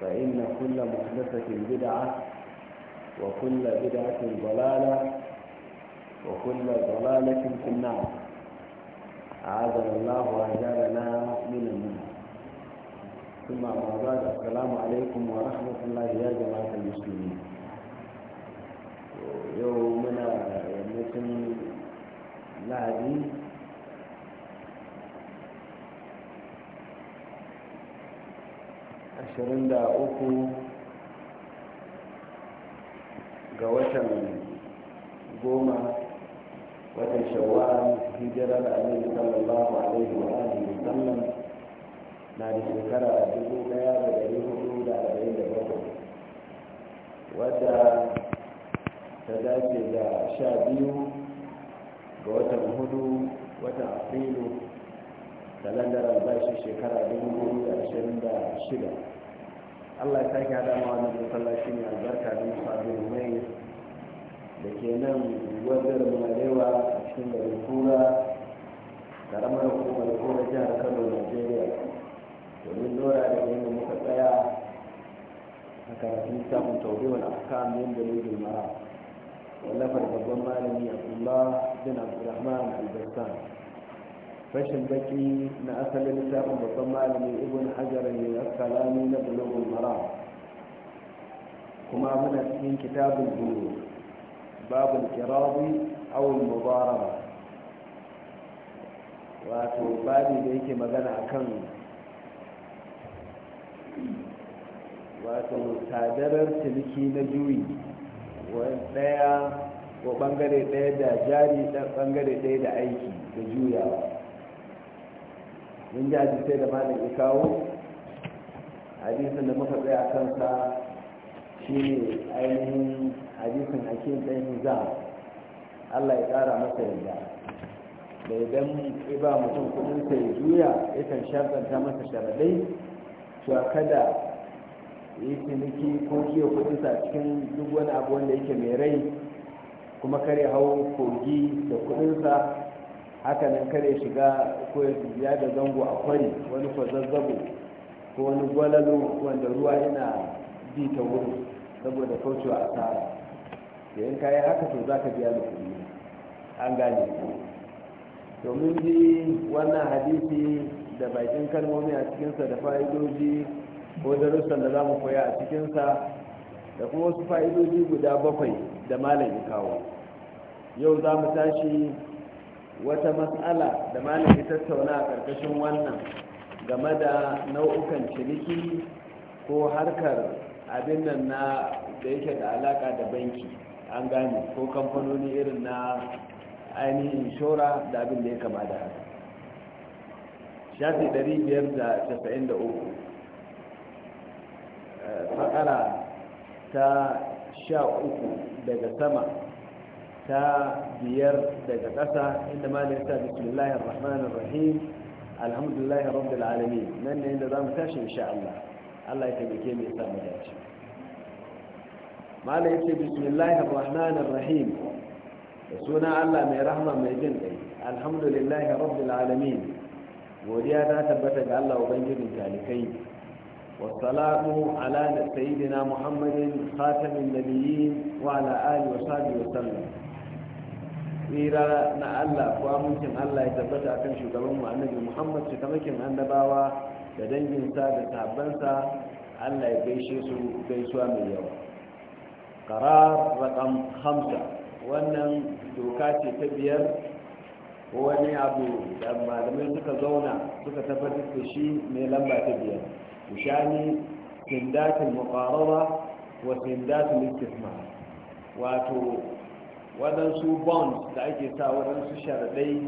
فإن كل محدثة بدعة وكل بدعة ضلالة وكل ضلالة في النار أعاذنا الله وأجعلنا من النار ثم أما بعد السلام عليكم ورحمة الله يا جماعة المسلمين يومنا لا لهدي ashirin da uku ga watan goma watan shawarar hijirar alayhi sallallahu alaihi wa alihi wa sallam na da shekara dubu daya da dari hudu da dari da bakwai wadda ta dace da sha biyu ga watan hudu watan afrilu kalandar albashi shekara 2026 ashirin da shida Allah ya ke hada ma wannan shi ne albarka da musabin mai da ke nan wajen malewa a cikin garin kura karamar hukumar kura jihar kano nigeria domin lura da yadda muka tsaya a karatun samun tauhewar afkan yin da nujin mara wallafar babban malami abdullah bin abdulrahman al fashin baki na asalin littafin babban malami ibn hajar ne askalami na bulugun maram kuma muna cikin kitabun bulu babul kirabi awul mubaraba wato babi da yake magana akan wato sadarar ciniki na juyi ɗaya ko ɓangare ɗaya da jari ɗan ɓangare ɗaya da aiki da juyawa mun ji hadisai da malam ya kawo hadisin da muka tsaya kansa shi ne ainihin hadisin hakim ɗan za Allah ya ƙara masa yadda da idan ba mutum kudin juya ya juya yakan shafanta masa sharadai cewa kada yi ciniki ko kiyo kudin sa cikin duk wani abu wanda yake mai rai kuma kare hau kogi da kudin sa haka nan kare shiga ko ya da zango a kwari wani kwazazzabo ko wani gwalalo wanda ruwa yana bi ta wuri saboda kaucewa a tsara da in kayan haka to za ka biya da kuɗi an gane domin ji wannan hadisi da bakin kalmomi a cikinsa da fa'idoji ko darussan da za mu koya a cikinsa da kuma wasu fa'idoji guda bakwai da malam ya kawo yau za mu tashi wata matsala da malami tattauna a ƙarƙashin wannan game da nau'ukan ciniki ko harkar abin nan na da yake da alaƙa da banki an gane ko kamfanoni irin na ainihin inshora da abin da ya kama da haka shafi 593 eh, fakara ta sha uku daga sama ta biyar daga ƙasa inda ma da ar-rahman ar rahim alhamdulillahi rabbil alamin nan ne inda zamu tashi insha Allah Allah ya tabbake mu yasa mu dace mala ar-rahman ar rahim da suna Allah mai rahma mai jin kai alhamdulillahi rabbil alamin godiya ta tabbata ga Allah ubangijin talikai والصلاة على سيدنا محمد خاتم النبيين وعلى آله وصحبه وسلم tsira na Allah ko amincin Allah ya tabbata akan shugaban mu annabi Muhammad su kamakin annabawa da danginsa da sahabbansa Allah ya gaishe su gaisuwa mai yawa qarar raqam hamsa wannan doka ce ta biyar wani abu da malamai suka zauna suka tabbatar da shi mai lamba ta biyar shani sindatul muqarraba wa sindatul istismar wato waɗansu bonds da ake sa waɗansu sharaɗai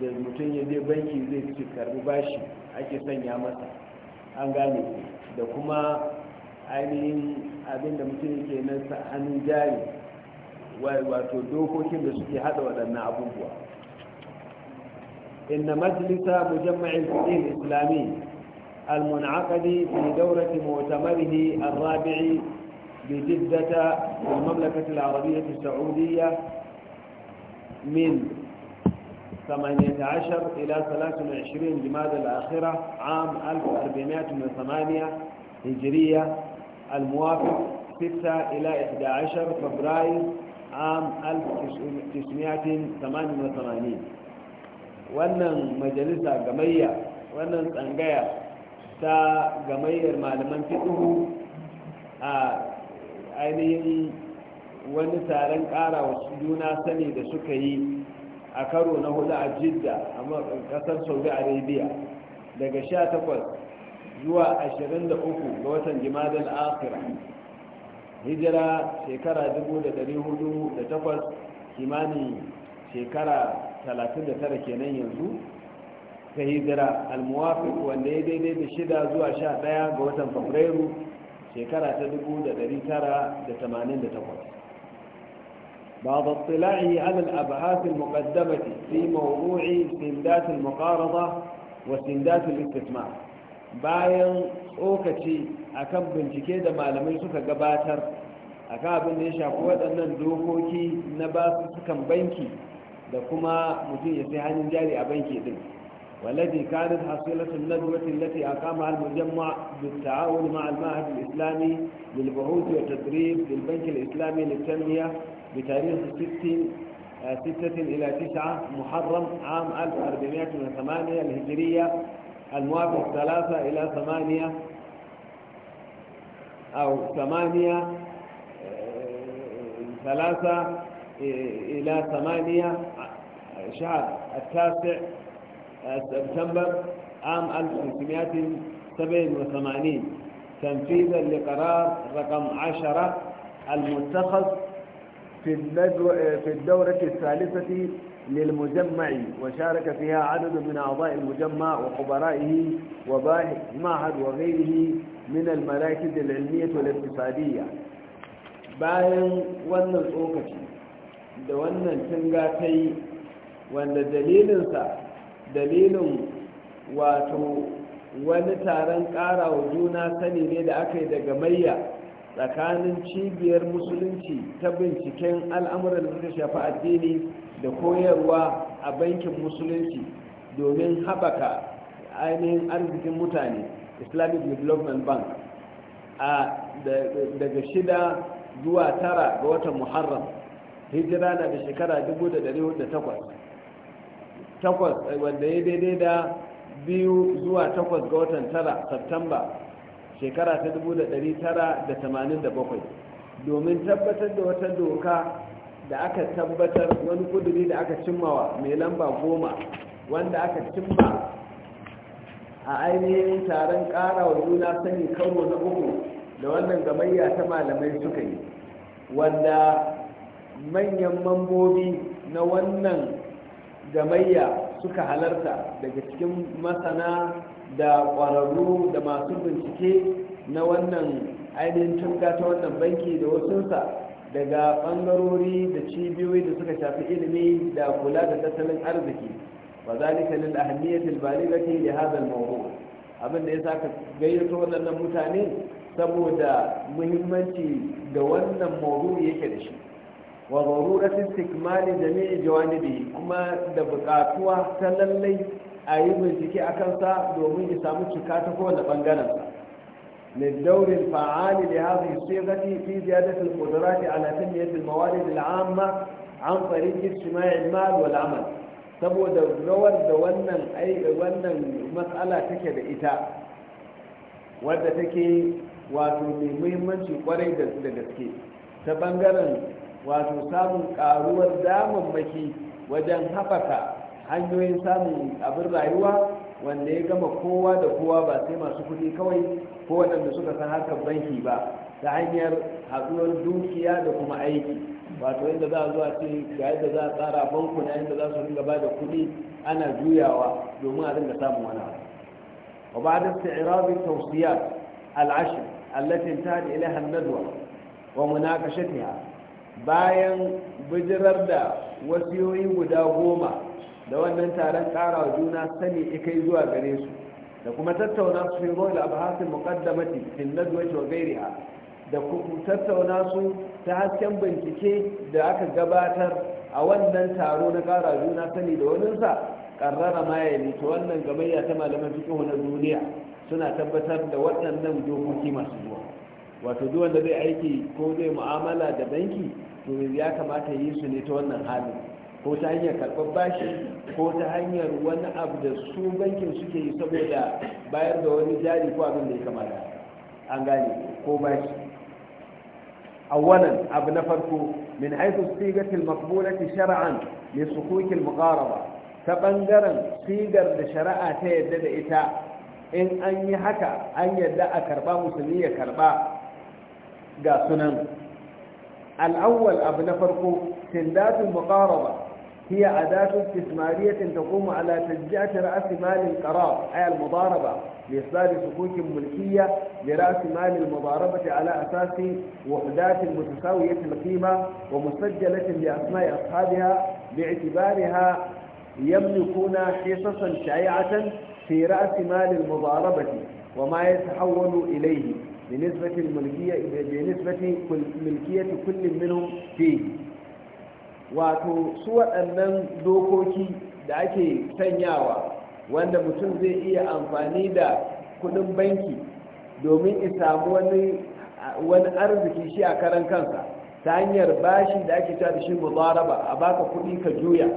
da mutum ya je banki zai ci karbi bashi ake sanya masa an gane da kuma ainihin abin da mutum ke nan hannun jari wato dokokin da suke hada waɗannan abubuwa inna majalisa mujamma'in kudin islami المنعقد في دورة مؤتمره الرابع بجدة في المملكة العربية السعودية من 18 إلى 23 جماد الآخرة عام 1408 هجرية الموافق 6 إلى 11 فبراير عام 1988 wannan majalisa gamayya wannan tsangaya ta gamayyar malaman fiɗuhu a ainihin wani taron ƙara wa juna sani da suka yi a karo na hudu a jidda a kasar saudi arabia daga 18 zuwa 23 ga watan jimadin akira hijira shekara 1408 kimanin shekara 39 kenan yanzu ta hijira almuwafi wanda ya daidai da shida zuwa sha ɗaya ga watan fabrairu shekara ta dubu da da 1988 بعض اطلاعه على الأبحاث المقدمة في موضوع سندات wa وسندات الاستثمار bayan tsokaci akan bincike da malamai suka gabatar akan abin da ya shafi waɗannan dokoki na basu banki da kuma mutum ya sai hannun jari a banki din والتي كانت حصيلة الندوة التي أقامها المجمع بالتعاون مع المعهد الإسلامي للبحوث والتدريب للبنك الإسلامي للتنمية بتاريخ 6 آه، ستة إلى تسعة محرم عام 1408 الهجرية الموافق ثلاثة إلى ثمانية أو ثمانية آه، ثلاثة آه، إلى ثمانية شهر التاسع آه، سبتمبر عام 1987 تنفيذا لقرار رقم 10 المتخذ في آه، في الدورة الثالثة للمجمع وشارك فيها عدد من أعضاء المجمع وخبرائه وباحث معهد وغيره من المراكز العلمية والاقتصادية باين wannan tsokaci da wannan tunga دليل yi dalilin wato wani taron ƙara wa juna sani ne da aka yi daga mayya tsakanin cibiyar musulunci ta binciken al'amuran da suka shafi addini da koyarwa a bankin musulunci domin haɓaka ainihin arzikin mutane islamic development bank a daga shida zuwa tara ga watan muharram hijira na da shekara 1408 takwas eh, wanda ya daidai da biyu zuwa takwas ga watan tara satamba shekara ta dubu da da da dari tara tamanin bakwai, domin tabbatar da wata doka da aka tabbatar wani kuduri da aka cimmawa mai lamba goma wanda aka cimma a ainihin taron ƙara juna sani karo na uku da wannan gamayya ta malamai suka yi wanda manyan mambobi na wannan gamayya suka halarta daga cikin masana da ƙwararru da masu bincike na wannan ainihin tunga ta wannan banki da wasunsa daga ɓangarori da cibiyoyi da suka shafi ilimi da kula da tattalin arziki wa zalika lil ahmiyyatil balighati li da al mawdu' abin da ya sa ka gayyato wannan mutane saboda muhimmanci da wannan mawdu'i yake da shi wa zarurat istikmal jami'i jawanibi kuma da bukatuwa ta lallai a yi bincike a kansa domin ya samu cika ta kowane bangaren sa للدور الفعال لهذه الصيغة في زيادة القدرات على تنمية الموارد العامة عن طريق اجتماع المال والعمل saboda rawar da wannan wannan matsala take da ita wadda take wato mai muhimmanci kwarai da gaske ta ɓangaren. wato samun karuwar damammaki wajen haɓaka hanyoyin samun abin rayuwa wanda ya gama kowa da kowa ba sai masu kuɗi kawai ko waɗanda suka san harkar banki ba ta hanyar haɗuwar dukiya da kuma aiki wato yadda za a zuwa ce ga yadda za a tsara bankuna yadda za su ringa ba da kuɗi ana juyawa domin a dinga samun wani abu وبعد استعراض التوصيات العشر التي انتهت إليها الندوة ومناقشتها bayan bijirar da wasiyoyi guda goma da wannan taron ƙara juna sani ikai zuwa gare su da kuma tattauna su fi da abu muqaddamati fil nadwati wa ghayriha da kuma tattauna su ta hasken bincike da aka gabatar a wannan taro na ƙara juna sani da sa karrara ma ya ta wannan gamayya ta malamai na duniya suna tabbatar da waɗannan dokoki masu zuwa wato wanda zai aiki ko zai mu'amala da banki to ya kamata yi su ne ta wannan halin ko ta hanyar karɓar bashi ko ta hanyar wani abu da su bankin suke yi saboda bayar da wani jari ko abin da ya kamata an gane ko bashi awwalan abu na farko min haithu sigatil maqbulati shar'an li sukukil muqaraba ta ɓangaren sigar da shari'a ta yadda da ita in an yi haka an yadda a karba musulmi ya karɓa. ga sunan al'awwal abu na farko tindatul muqaraba هي أداة استثمارية تقوم على تشجيع رأس مال القرار أي المضاربة لإصدار سكوك ملكية لرأس مال المضاربة على أساس وحدات متساوية القيمة ومسجلة لأسماء أصحابها باعتبارها يملكون حصصا شائعة في رأس مال المضاربة وما يتحول إليه بنسبة الملكية بنسبة ملكية كل منهم فيه wato su waɗannan dokoki da ake sanyawa wanda mutum zai iya amfani da kudin banki domin isamu wani arziki shi a karan kansa ta hanyar bashi da ake ta da shi mubaraba a baka kudi ka juya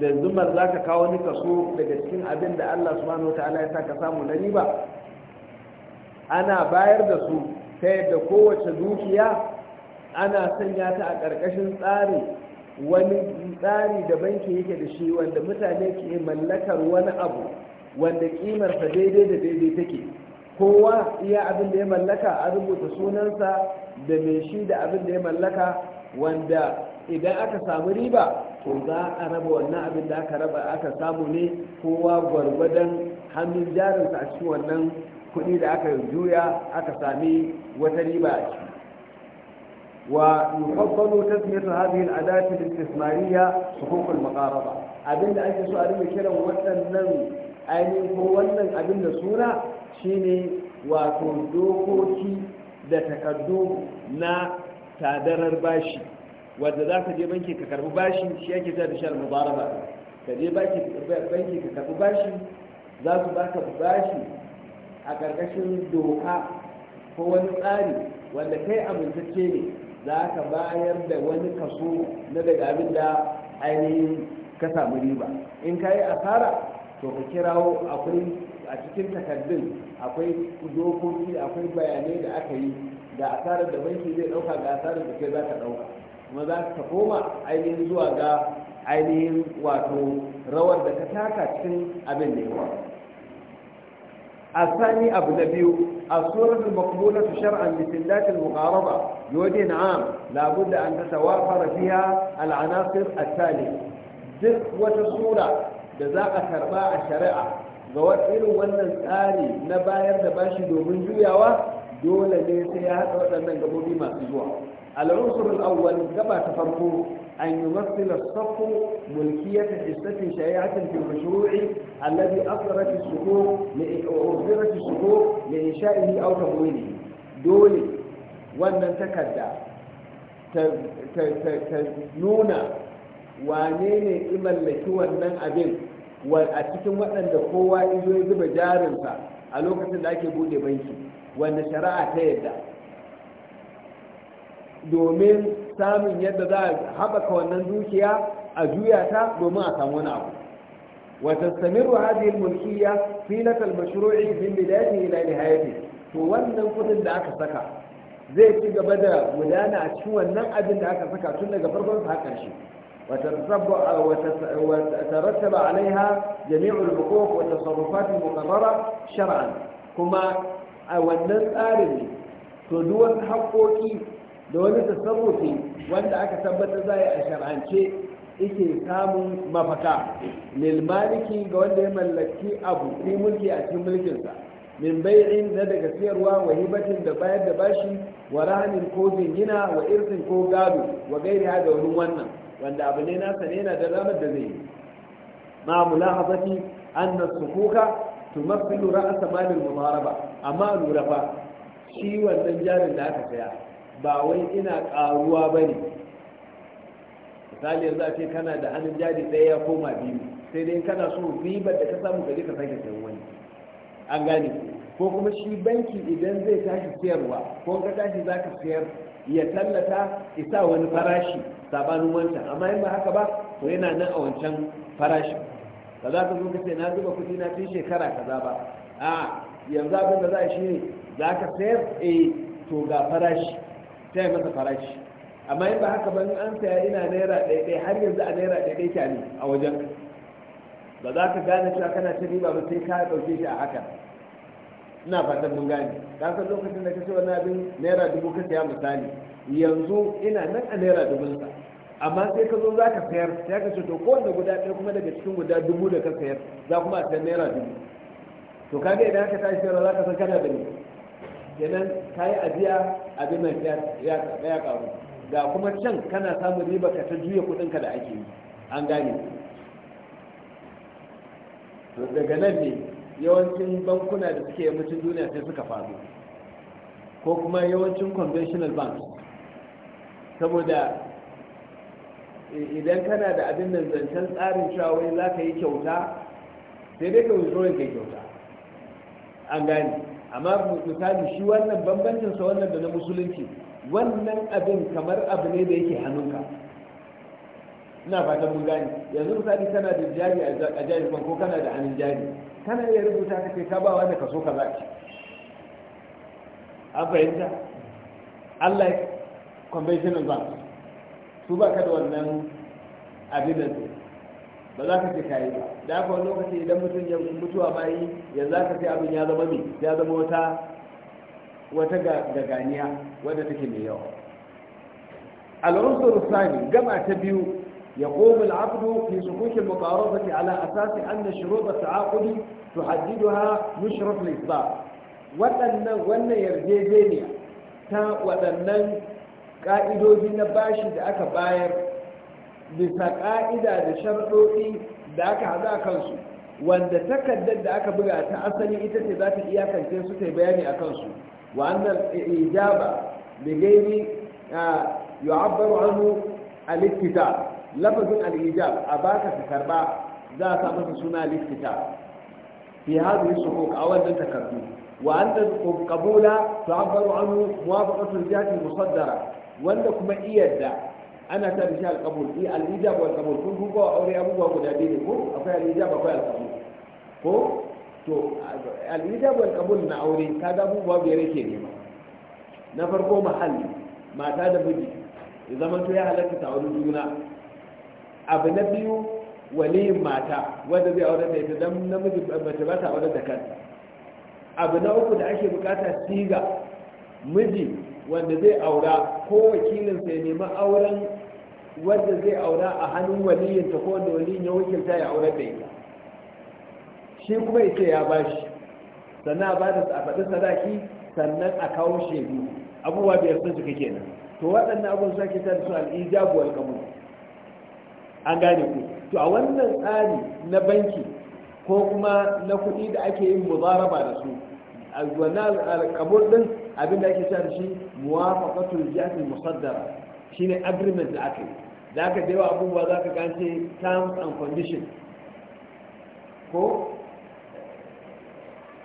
da zumar za ka kawo ni kaso daga cikin abin da allah subhanahu wa ta'ala ya sa ka samu na riba ana bayar da su ta yadda kowace dukiya ana sanya ta a ƙarƙashin tsari wani tsari da banki yake da shi wanda mutane ke mallakar wani abu wanda ƙimarsa daidai da daidai take kowa iya abin da ya mallaka a rubuta sunansa da mai shi da abin da ya mallaka wanda idan aka samu riba to za a raba wannan abin da aka raba aka samu ne kowa gwargwadon hannun jarinsa a cikin wannan Kuɗi da aka juya aka sami wata riba a ciki wa yuhabbalu tasmiyatu hadhihi al'adat al-istithmariya hukuk al-muqaraba abin da ake so a rubuta kiran waɗannan ainihin ko wannan abin da suna shine wato dokoki da takardu na tadarar bashi wadda za ka je banki ka karbi bashi shi ake zai da shara mubaraba ka je banki ka karbi bashi za su baka bashi a ƙarƙashin doka ko wani tsari wanda kai amintacce ne za ka bayar da wani kaso na daga abin da ainihin ka samu riba in ka yi asara to ka kirawo akwai a cikin takardun akwai dokoki akwai bayanai da aka yi da asarar da banki zai ɗauka ga asarar da kai za ka ɗauka kuma za ka koma ainihin zuwa ga ainihin wato rawar da ka taka cikin abin da yawa الثاني أبو نبيو الصورة المقبولة شرعا لسلات المقاربة بوجه عام لابد أن تتوافر فيها العناصر التالية دق وتصورة جزاء كرباء الشريعة زوات إلو وانا الآلي نباير نباشي دومن جوياوة دولة ليسيها وأنا نقبو بما سجوا العنصر الأول كما تفرقوه أن يمثل الصف ملكية حصة شائعة في المشروع الذي أصدرت الصكوك وأصدرت الصكوك لإنشائه أو تمويله دول wannan takarda ta nuna wane ne imallaki wannan abin a cikin waɗanda kowa izo ya zuba jarinsa a lokacin da ake bude banki wanda shari'a ta yadda domin samun yadda za a haɓaka wannan dukiya a juya ta domin a samu wani abu wata samiru hajji mulkiya fi na kalmashiro ilimin da ya fi ilani hayati to wannan kuɗin da aka saka zai ci gaba da gudana a cikin wannan abin da aka saka tun daga farkon sa haƙar shi wata tsabba a wata tarasta ba alaiha jami'ul hukuk wata sarrufati muqarrara shar'an kuma a wannan tsarin to duk wani da wani tasarrufi wanda aka tabbatar za a shar'ance yake samun mafaka lilmaliki ga wanda ya mallaki abu fi mulki a cikin mulkinsa min bai'in na daga siyarwa wa hibatin da bayar da bashi wa rahanin ko zingina wa irsin ko gado wa gairi da wani wannan wanda abu ne nasa ne yana da ramar da zai yi ma mulahazati anna sukuka tumassilu ra'sa malil amma lura fa shi wannan jarin da aka saya ba wai ina karuwa ba ne misali yanzu a ce kana da hannun jari ɗaya ya koma biyu sai dai kana so ribar da ka samu gari ka sake sayan wani an gane ko kuma shi banki idan zai tashi sayarwa ko ka tashi za ka sayar ya tallata isa wani farashi sabanin wancan amma in ba haka ba to yana nan a wancan farashin ba za ka zo ka ce na zuba kuɗi na tun shekara kaza ba a yanzu abin da za a shi ne za ka sayar eh to ga farashi ta yi masa farashi amma in ba haka ban an saya ina naira ɗaiɗai har yanzu a naira ɗaiɗai ta ne a wajen ba za ka gane cewa kana ta riba ba sai ka ɗauke shi a haka ina fatan mun gane ka san lokacin da ka ce wani abin naira dubu ka saya misali yanzu ina nan a naira dubu sa amma sai ka zo za ka sayar sai ka ce to kowanne guda ɗaya kuma daga cikin guda dubu da ka sayar za kuma a sayar naira dubu to kaga idan ka tashi sayarwa za ka san kana da ni kenan ka yi ajiya abin nan ya karu ga kuma can kana samun riba ka ta juya kudinka da ake yi an gane to daga nan ne yawancin bankuna da suke yammacin duniya sai suka faru ko kuma yawancin conventional banks saboda idan kana da abin nan zancen tsarin cewa za ka yi kyauta sai dai ka withdrawing ka kyauta an gane amma misali shi wannan bambancinsa wannan da na musulunci wannan abin kamar abu ne da yake hannunka ina fatan mun gane yanzu misali kana da jari a jari ko kana da hannun jari kana iya rubuta ka kai ka ba wanda so ka zaki an fahimta allah conventional bank su ba ka da wannan abin da ba za ka ce kayi ba da haka lokaci idan mutum ya mutuwa bayi yanzu za ka ce abin ya zama wata ga ganiya wadda take mai yawa al'unsur sani gama ta biyu ya koma al'abdu fi sukukin mukawarwa ta ala asasi an na shiro ba ta'akuli to hajjidu ha mushrif na isba waɗannan wannan yarjejeniya ta waɗannan ƙa'idodi na bashi da aka bayar bisa ƙa'ida da sharɗoɗi da aka haɗa kansu wanda takardar da aka buga ta asali ita ce za ta iyakance su ta bayani a kansu wa'annan annal ijaba bi gairi yu'abbaru anhu al-ittiba lafazin al'ijab, a baka ta karba za a samu suna al-ittiba fi hadhihi suhuk a wannan takardu wa annal qabula tu'abbaru anhu muwafaqatu al musaddara wanda kuma iyadda ana ta da shi alƙabul eh ba ijab sun qabul kun aure abubuwa guda biyu ne ko akwai al ba akwai al ko to al-ijab wal na aure ga abubuwa biyar yake nema na farko mahalli mata da miji ya zama to ya halatta ta wani juna abu na biyu waliyin mata wanda zai aure da ita dan namiji mace ba ta aure da kanta abu na uku da ake bukata siga miji wanda zai aura ko wakilin sai nemi auren wanda zai aura a hannun waliyinta ko wanda waliyin ya wakilta ya aure da ita shi kuma ya ce ya bashi sannan a ba da a faɗi sadaki sannan a kawo shaidu abubuwa biyar sun cika kenan to waɗannan abubuwan su ake tare su al'ijabu wal kamun an gane ku to a wannan tsari na banki ko kuma na kuɗi da ake yin muzaraba da su a wannan alƙabur ɗin abin da ake cewa da shi muwafaqatul jihati musaddara shine agreement da aka yi za ka da yawa abubuwa za ka gance terms and conditions ko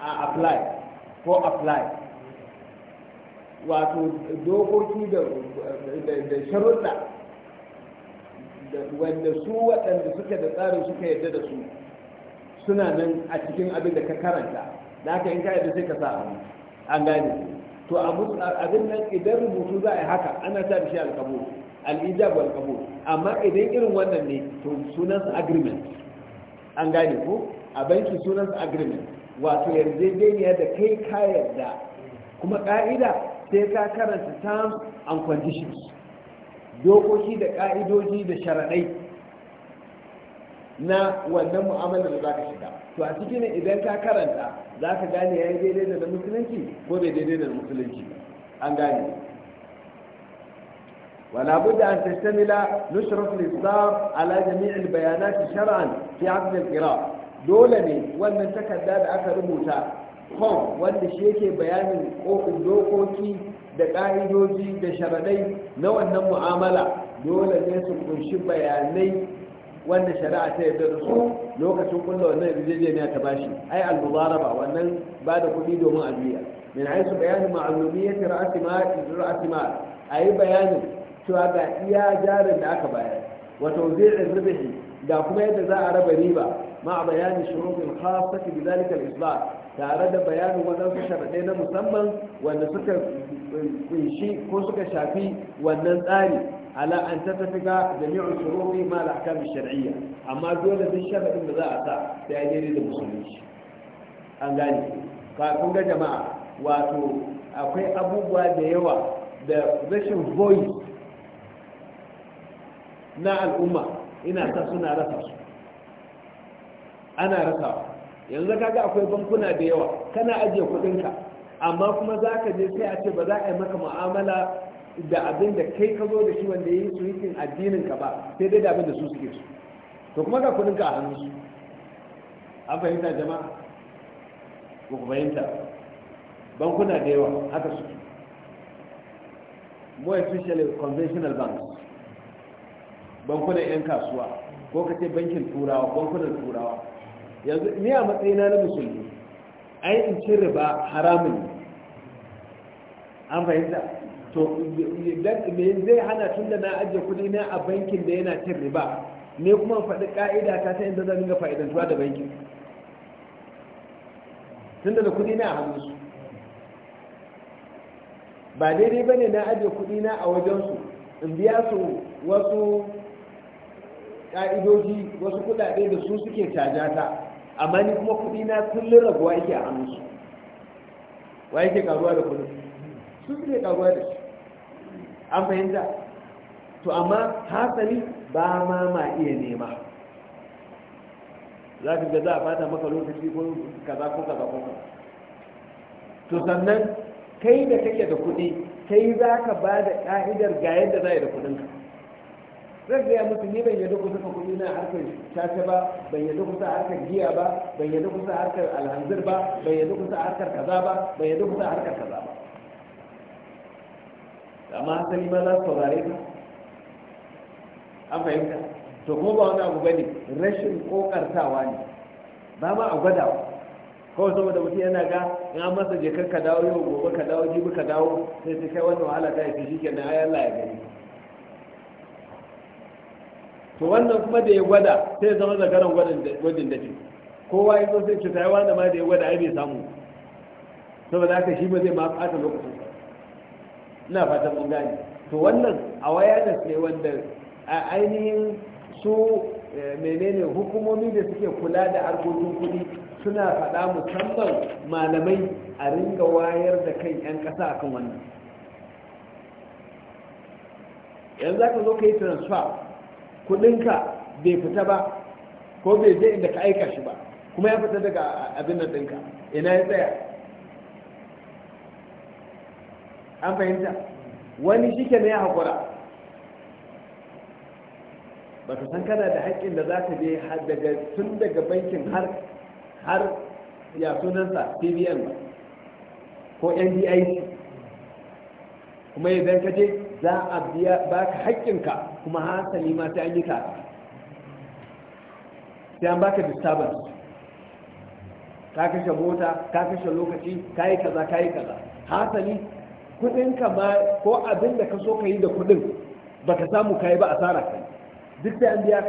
a apply ko apply wato dokoki da sharuɗa wanda su waɗanda suka da tsarin suka yadda da su suna nan a cikin abin da ka karanta da haka in ka yadda sai ka sa an gane to abin nan idan rubutu za a yi haka ana sa da shi alkabul al'ijab wal amma idan irin wannan ne to sunansa agreement an gane ko a banki sunansa agreement wato yarjejeniya da kai ka yarda kuma ka'ida sai ka karanta terms and conditions dokoki da ka'idoji da sharaɗai na wannan mu'amalar da ka shiga to a cikin idan ka karanta ka gane yi daidai da musulunci ko bai daidai da musulunci an gane ولا بد أن تشتمل نشرة الإصدار على جميع البيانات شرعا في عقد القراء dole ne wannan takarda da aka rubuta form wanda shi yake bayanin kofin dokoki da ƙa'idoji da sharaɗai na wannan mu'amala dole ne su kunshi bayanai wanda shari'a ta yarda da su lokacin kulla wannan yarjejeniya ta bashi ai al-mudaraba wannan ba da kuɗi domin ajiya. biya min haisu bayanin ma'lumiyyati ra'si ma ra'si ma ayi bayanin cewa ga iya jarin da aka bayar wato zai'in ribihi ga kuma yadda za a raba riba ma bayanin shuruɗin khassati bi al-islam tare da bayanin waɗansu sharaɗai na musamman wanda suka kunshi ko suka shafi wannan tsari على أن تتفق جميع الشروط مع الأحكام الشرعية أما دولة الشرع إن ذا أتى تأجير المسلمين أن قال كون جماعة واتو أقوي أبوبوا ديوا the version voice na al'umma ina ta suna rasa su ana rasa yanzu kaga akwai bankuna da yawa kana ajiye kudinka amma kuma za ka je sai a ce ba za a yi maka mu'amala da abin da kai ka zo da shi wanda ya yi suwitin addinin ka ba sai dai da abin da su suke su to kuma ga kudin ka a hannun su an fahimta jama'a ko ku fahimta bankuna da yawa haka suke more especially conventional banks bankunan 'yan kasuwa ko ka ce bankin turawa bankunan turawa yanzu ni a matsayina na musulmi ai in cin riba haramun an fahimta to me zai hana tun da na ajiye kuɗi na a bankin da yana cin riba ne kuma faɗi ƙa'ida ta ta inda zan dinga fa'idantuwa da bankin tun da kuɗi na a hannun su ba daidai ba ne na ajiye kuɗi na a wajensu in biya su wasu ƙa'idoji wasu kuɗaɗe da su suke caja ta amma ni kuma kuɗi na kullum raguwa yake a su, wa yake karuwa da kuɗin su suke karuwa da su. an fahimta to amma hasali ba ma ma iya nema za ka gaza za a fata maka lokaci ko kaza ko kaza ko to sannan kai da kake da kuɗi kai za ka ba da ƙa'idar ga yadda za a yi da kuɗinka zai gaya musu ni ban yadda kusa kuɗi na harkar caca ba ban yadda kusa harkar giya ba ban yadda kusa harkar alhanzir ba ban yadda kusa harkar kaza ba ban yadda kusa harkar kaza ba amma hasali ma za su saurare ka an fahimta to kuma ba wani abu ba ne rashin kokartawa ne ba ma a gwadawa kawai saboda mutum yana ga in an masa jikar ka dawo yau gobe ka dawo jibi ka dawo sai ta kai wannan wahala ta yi shi kenan ai Allah ya gani to wannan kuma da ya gwada sai zama zagaran gwadin da ce kowa ya zo sai cuta yawa da ma da ya gwada ai bai samu saboda haka shi ba zai ma fata lokacin ina fatan mun gane to wannan awareness ne wanda a ainihin su eh, menene hukumomi da suke kula da harkokin kuɗi suna faɗa musamman malamai a ringa wayar da kan 'yan ƙasa akan wannan yanzu za ka zo ka yi transfer kuɗinka bai fita ba ko bai je inda ka aika shi ba kuma ya fita daga abin nan ɗinka ina ya tsaya an fahimta wani shi ke ne haƙura ba ka san kana da haƙƙin da za ka je tun daga bankin har har ya sunansa pbn ba ko ndic kuma idan ka je za a biya ba ka haƙƙinka kuma hasali ma sai yi ka sai an baka disturbance ka kashe mota ka kashe lokaci ka yi kaza ka yi kaza hasali kudinka ma ko abin da ka so ka yi da kudin ba ka samu ka yi ba asara ka duk da an biya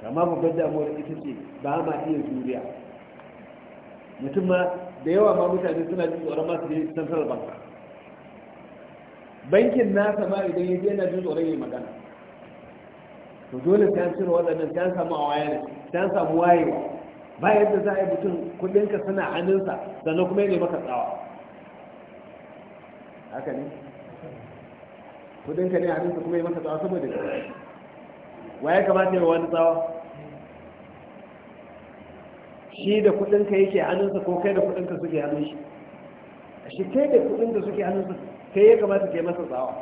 ka amma babban damuwar ita ce ba ma iya juriya mutum ma da yawa ma mutane suna jin tsoron masu je central bank bankin nasa ma idan ya je yana jin tsoron yin magana to dole sai an cire waɗannan sai an samu a wayar sai an samu wayewa ba yadda za a yi mutum kudinka suna hannunsa sannan kuma ya ne maka tsawa haka ne kudinka ne hannunka kuma yi masa tsawa saboda ka wa ya kamata yi wani tsawa shi da kudinka yake hannunsa ko kai da kudinka suke hannun shi shi kai da kudinka suke hannunsa kai ya kamata ka yi masa tsawa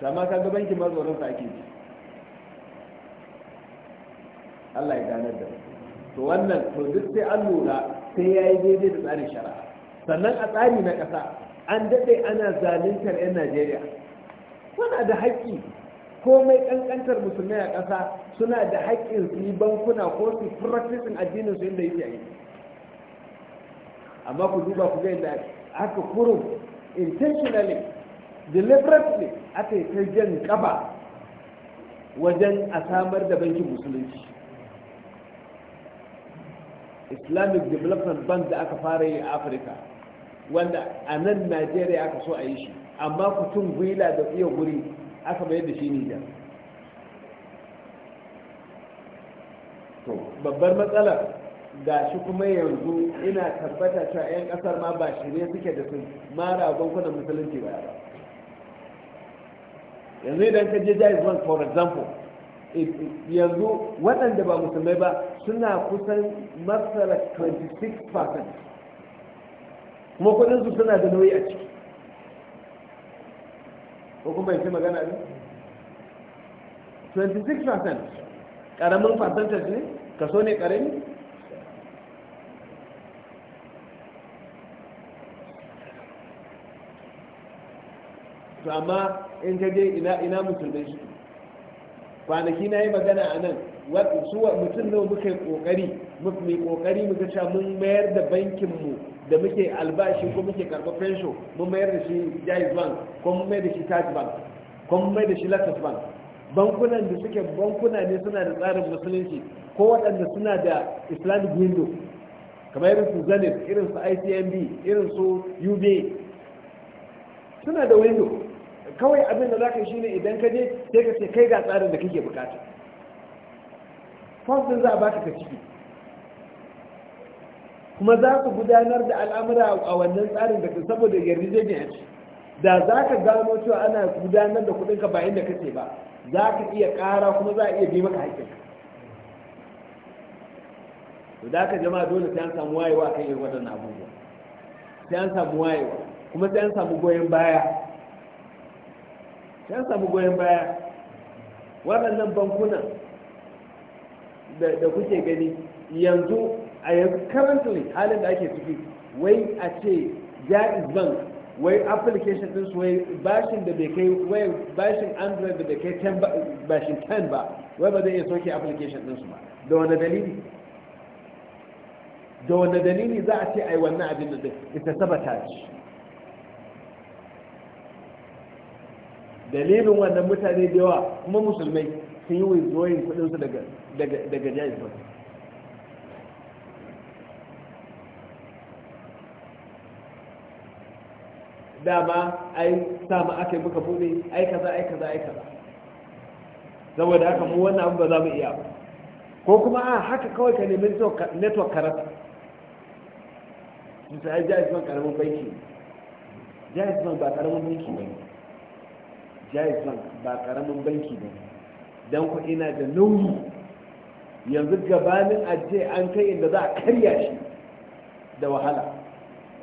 sama ka ga bankin mazorinsa ake ji Allah ya ganar da to wannan to duk sai an lura sai ya yi daidai da tsarin shara. sannan a tsari na ƙasa an daɗe ana zaluntar 'yan najeriya suna da haƙƙi komai ƙanƙantar musulmai a ƙasa suna da haƙƙin su yi bankuna ko su practicing addinin su inda yake yi amma ku duba ku ga inda aka kurun intentionally deliberately aka yi ta jan ƙaba wajen a samar da bankin musulunci islamic development bank da aka fara yi a afirka wanda a nan najeriya aka so a yi shi amma kutun wila da iya guri aka mayar da shi nija to babbar matsalar ga shi kuma yanzu ina tabbata cewa 'yan kasar ma ba shirye suke da sun mara bankunan musulunci ba ba yanzu idan ka je jais for example yanzu waɗanda ba musulmai ba suna kusan masara 26% kuma kudin su suna da nauyi a ciki ko kuma yanzu magana ne 26% karamin percentage ne kaso ne karami to amma in ka je ina ina musulmai shi kwanaki na yi magana a nan su mutum nawa muka yi kokari mu mai kokari mu ga mun mayar da bankin mu da muke albashi ko muke karɓar fensho mun mayar da shi jais bank ko mun mayar da shi taj bank ko mun mayar da shi latas bank bankunan da suke bankuna ne suna da tsarin musulunci ko waɗanda suna da islamic window kamar irin su zenith irin su icmb irin su uba suna da window kawai abin da za ka shi ne idan ka je sai ka ce kai ga tsarin da kake bukata fos din za a baka ka ciki kuma za ku gudanar da al'amura a wannan tsarin da ka saboda yarjejeniya ce da za ka gano cewa ana gudanar da kudinka ba inda kace ba za ka iya ƙara kuma za a iya bi maka haƙƙinka to da ka jama'a dole sai an samu wayewa kan irin waɗannan abubuwa sai an samu wayewa kuma sai an samu goyon baya sai an samu goyon baya waɗannan bankunan da kuke gani yanzu a yanzu currently halin da ake ciki wai a ce jaiz bank wai application din su wai bashin da bai kai wai bashin android da bai kai bashin 10 ba wai ba zai iya soke application din su ba da wani dalili da wani dalili za a ce ai wannan abin da din ita sabata ce dalilin wannan mutane da yawa kuma musulmai sun yi withdrawing kudinsu daga daga jaiz bank dama ai ma aka yi muka bude ai kaza ai kaza ai kaza saboda haka mu wannan abu ba za mu iya ba ko kuma a haka kawai ka nemi network karata ta ai jais man karamin banki jais man ba karamin banki ba jais man ba karamin banki ba don ku ina da nauyi yanzu gabanin ajiye an kai inda za a karya shi da wahala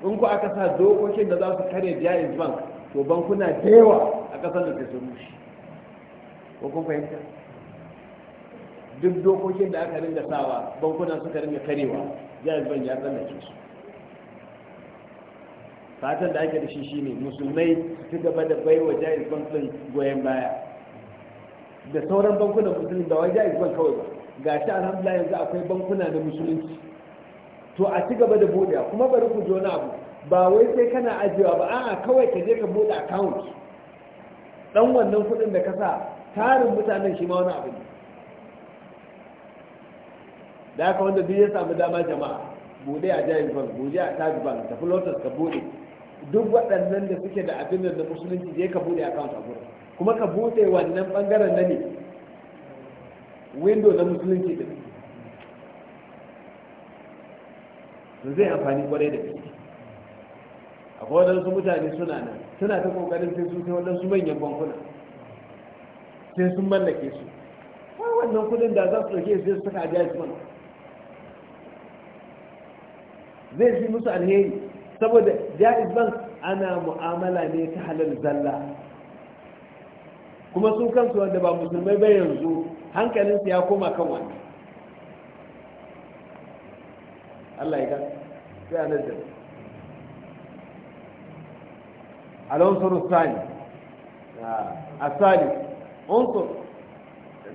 in ku aka sa dokokin da za su kare jaiz bank to bankuna da yawa a kasar da ta su shi ko kun fahimta duk dokokin da aka ringa sawa bankuna suka ringa karewa jaiz bank ya ke su fatan da ake da shi shine musulmai su gaba da baiwa jaiz bank din goyon baya da sauran bankunan musulmi ba wai jaiz bank kawai ba ga shi alhamdulillah yanzu akwai bankuna na musulunci to a ci gaba da buɗewa kuma bari ku jona abu ba wai sai kana ajiyewa ba a'a kawai ka je ka buɗe account dan wannan kudin da ka sa tarin mutanen shi ma wani abu ne da aka wanda duk ya samu dama jama'a buɗe a jayin bank buɗe a tag bank tafi lotus ka buɗe duk waɗannan da suke da abin da musulunci je ka buɗe account a gurin kuma ka buɗe wannan bangaren na ne window na musulunci din sun zai amfani kwarai da gaske akwai waɗansu mutane suna nan suna ta kokarin sai su kai waɗansu manyan bankuna sai sun mallake su kawai wannan kudin da za su ɗauke sai su saka a jihar zai fi musu alheri saboda jaiz bank ana mu'amala ne ta halal zalla kuma su kansu wanda ba musulmai ba yanzu hankalinsu ya koma kan wani Allah ya العنصر الثاني آه، الثاني عنصر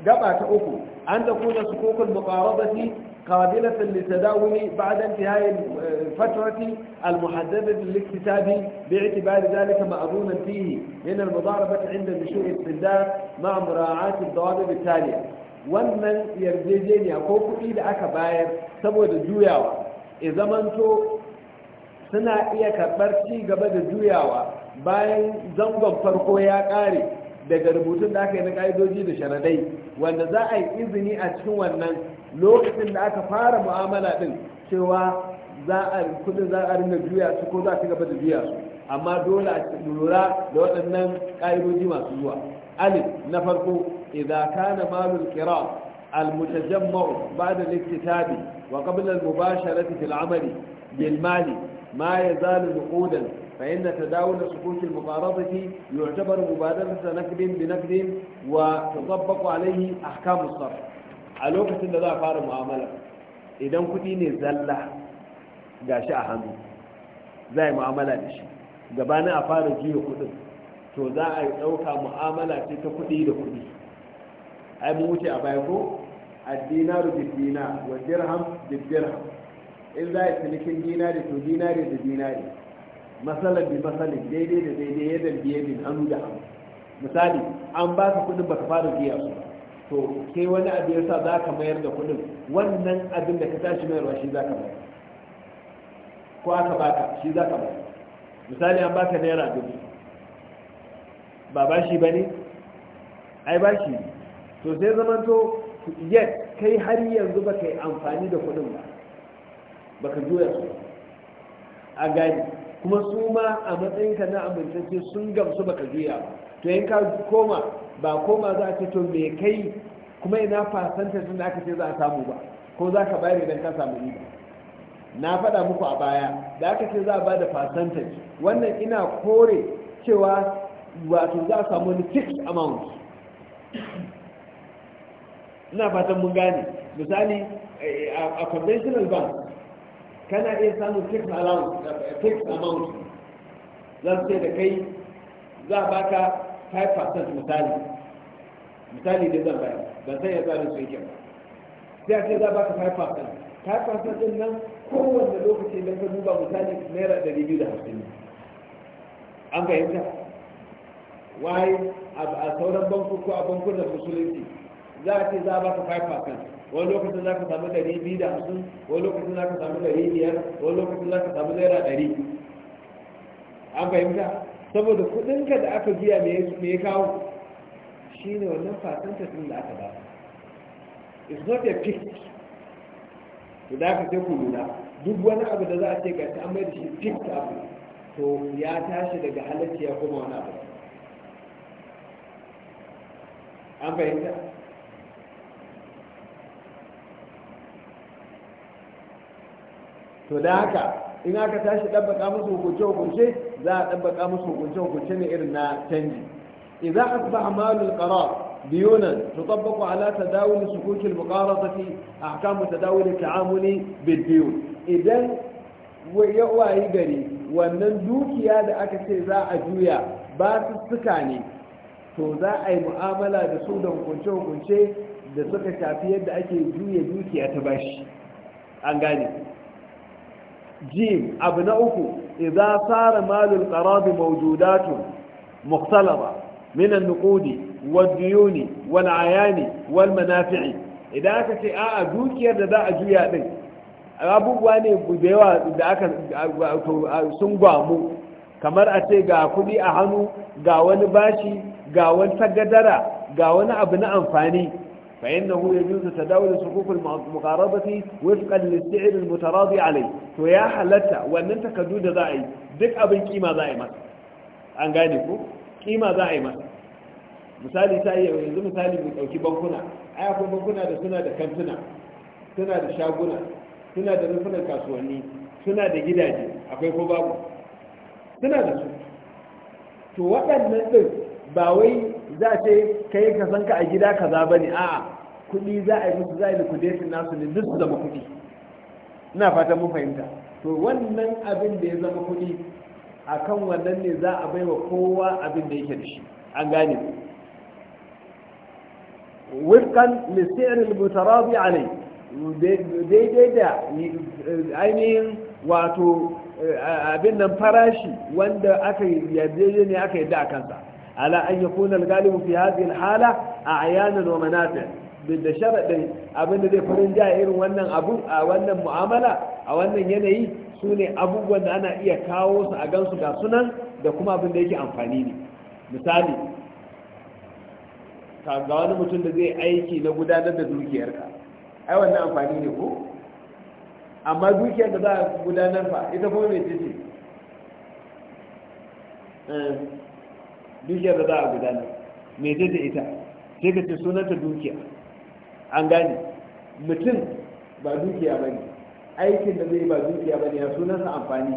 قبعة أكو أن تكون سكوك المقاربة قابلة للتداول بعد انتهاء الفترة المحددة للاكتساب باعتبار ذلك مأذونا فيه من المضاربة عند نشوء الثلاث مع مراعاة الضوابط التالية ومن يرجيني أكوكو إلى أكباير سبوة الجوياوة e zamanto suna iya karɓar ci gaba da juyawa bayan zangon farko ya ƙare daga rubutun da aka yi na ƙa'idoji da sharadai wanda za a yi izini a cikin wannan lokacin da aka fara mu'amala ɗin cewa za a kudin za a rinna juya su ko za a ci gaba da juya su amma dole a lura da waɗannan ka'idoji masu zuwa alif na farko idan kana malul qira المتجمع بعد الاكتتاب وقبل المباشرة في العمل بالمال ما يزال نقودا فإن تداول سكوت المقارضة يعتبر مبادرة نقد بنقد وتطبق عليه أحكام الصرف على وقت da za a fara mu'amala idan kuɗi ne zalla ga shi a hannu za yi mu'amala da shi gabanin a fara jiya kuɗin to za a ɗauka mu'amala ce ta kuɗi da kuɗi ai wuce a baya ko addinaru da dina wa dirham da dirham in za a cinikin dinari to dinari da dinari masalan bi masalin daidai da daidai yadda biye min da hannu misali an ba ka baka fara biya to sai wani abu yasa za mayar da kudin wannan abin da ka tashi mayarwa shi za ka ko aka baka shi za ka misali an baka naira dubu ba ba ba ne ai ba shi to sai zamanto yet kai har yanzu ba ka yi amfani da kudin ba ba ka juya su a gani kuma su ma a matsayinka na amintacce sun gamsu ba ka juya ba to yin ka koma ba koma za a ce to me kai kuma ina fasanta sun da aka ce za a samu ba ko za ka bayar idan ka samu riba na faɗa muku a baya da aka ce za a ba da percentage wannan ina kore cewa wato za a samu wani fixed amount ina fatan mun gane misali eh, a conventional bank kana iya samun fixed allowance fixed amount zan sai da kai za a baka 5% misali misali da zan bayar ban sai ya tsarin su yake ba sai a ce za a baka 5% 5% din nan kowanne lokaci idan ka duba misali naira 250 an fahimta wai a sauran bankuku a bankunan musulunci za a ce za a baka 5% wani lokacin za ka samu hamsin. wani lokacin za ka samu biyar wani lokacin za ka samu naira ɗari. an fahimta saboda ka da aka biya me ya kawo shi ne wannan fasanta tun da aka ba it's not a fixed to da aka ce ku lura duk wani abu da za a ce ga an mai da shi ta abu to ya tashi daga halacci ya koma wani abu an fahimta to da haka in aka tashi ɗabbaka musu hukunce-hukunce za a ɗabbaka musu hukunce-hukunce ne irin na canji idan asbaha malul qarar ديونا تطبق على تداول سكوك المقارضة أحكام تداول gari wannan dukiya da aka ce za a juya ba su suka ne, to za a yi mu'amala da su da hukunce-hukunce da suka shafi yadda ake juya dukiya ta bashi an gane jim abu na uku idza sara malul qarad mawjudatun mukhtalaba min an-nuqudi wad-duyuni ayani wal-manafi'i idan aka ce a'a dukiyar da za a juya din abubuwa ne da yawa da aka sun gwamu kamar a ce ga kuɗi a hannu ga wani bashi ga wani tagadara ga wani abu na amfani فإنه يجوز تداول صفوف المقاربة وفقا للسعر المتراضي عليه فيا حلتا وأن أنت كدود ذائي دك أبن كيما ذائي مات كيما ذائي مات misali ta yi yanzu misali mu ɗauki bankuna ai akwai bankuna da suna da kantuna suna da shaguna suna da rufunan kasuwanni suna da gidaje akwai ko babu suna da su to waɗannan ɗin ba wai za a ce kai ka san ka a gida kaza bane a'a kuɗi za a yi musu za a yi liquidating nasu ne duk su zama kuɗi ina fatan mun fahimta to wannan abin da ya zama kuɗi akan wannan ne za a baiwa kowa abin da yake da shi an gane wifkan lisirin mutarabi alai daidai da ainihin wato eh, abin nan farashi wanda aka yi ne aka yi da a kansa ala an yakuna al-galibu fi hadhihi al-hala a'yanan wa Abin da zai farin ja irin wannan abu a wannan mu'amala a wannan yanayi su ne abubuwan da ana iya kawo su a gansu ga sunan da kuma abin da yake amfani ne misali ga wani mutum da zai aiki na gudanar da dukiyarka ai wannan amfani ne ko amma dukiyar da za a gudanar fa ita kuma mai ce dukiyar da za a gudanar mai zai da ita sai ka ce sunanta dukiya an gane mutum ba dukiya ba ne aikin da zai ba dukiya ba ne ya sunansa amfani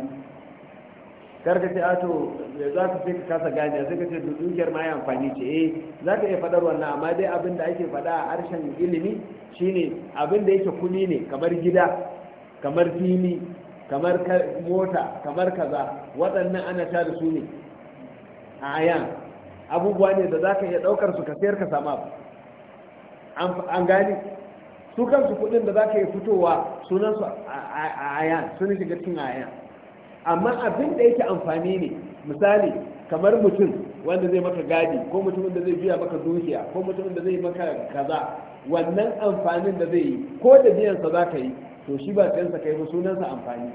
karka ce ato ah, za ka sai ka kasa gane sai ka ce dukiyar ma ya amfani ce eh za ka iya faɗar wannan amma dai abin da ake faɗa a harshen ilimi shine abin da yake kuli ne kamar gida kamar fili kamar mota kamar kaza waɗannan ana ta da su ne ayan abubuwa ne da za ka iya ɗaukar su ka sayar ka sama an gani su kansu kudin da za ka iya fitowa sunansu ayan sun shiga cikin ayan amma abin da yake amfani ne misali kamar mutum wanda zai maka gadi ko mutumin da zai biya maka dukiya ko mutumin da zai maka kaza wannan amfanin da zai yi ko da biyansa za ka yi to shi ba sayansa kai ba sunansa amfani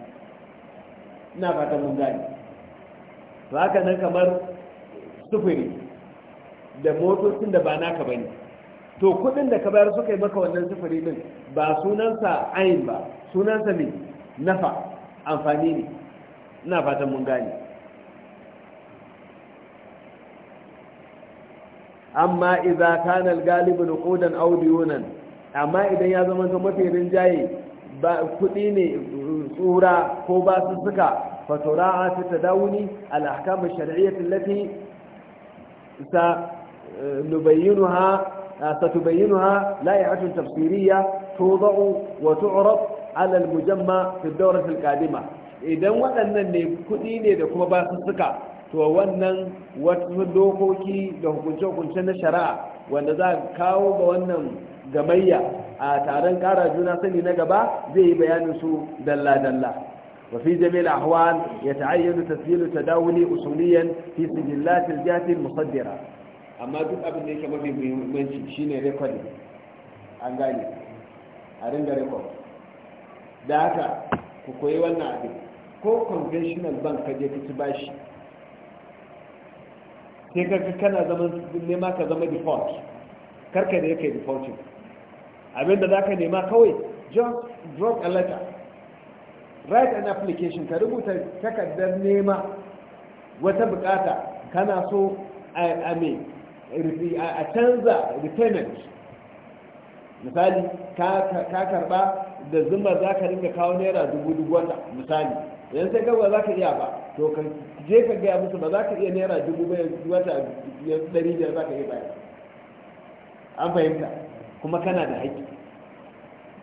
ina fatan mun gani haka nan kamar sufuri da motocin da ba naka bane to kudin da ka bayar suka yi maka wannan sufuri din ba sunansa ayin ba sunansa ne nafa amfani ne ina fatan mun gane amma idza kana al-galibu nuqudan aw diyunan amma idan ya zama mafi rinjaye ba kudi ne tsura ko ba su suka ta tadawuni al-ahkam al shariyyah allati سنبينها ستبينها لائحة تفسيرية توضع وتعرض على المجمع في الدورة القادمة idan waɗannan ne kuɗi ne da kuma basussuka to wannan wasu dokoki da hukunce-hukunce na shari'a wanda za a kawo ga wannan gamayya a taron ƙara juna sani na gaba zai yi bayanin su dalla-dalla وفي جميع الأحوال يتعين تسجيل تداولي أصوليا في سجلات الجهة المصدرة أما دوك أبن ليش ما في من شيني ريكولي أنجاني أرنجا ريكول داكا كوكوي والنعبي كو كونفنشنال بانك كجي تتباش تيكا كان زمن لما كزمن ديفولت كركا ديكي ديفولت أبن داكا نيما كوي جوك جوك اللتر write an application ka rubuta takardar nema wata bukata kana so a a canza repayment misali ka karba da zumar za ka ringa kawo naira dubu dubu wata misali idan sai gaba za ka iya ba to ka je ka gaya musu ba za ka iya naira dubu bayan wata ɗari biyar za ka iya bayar an fahimta kuma kana da haƙƙi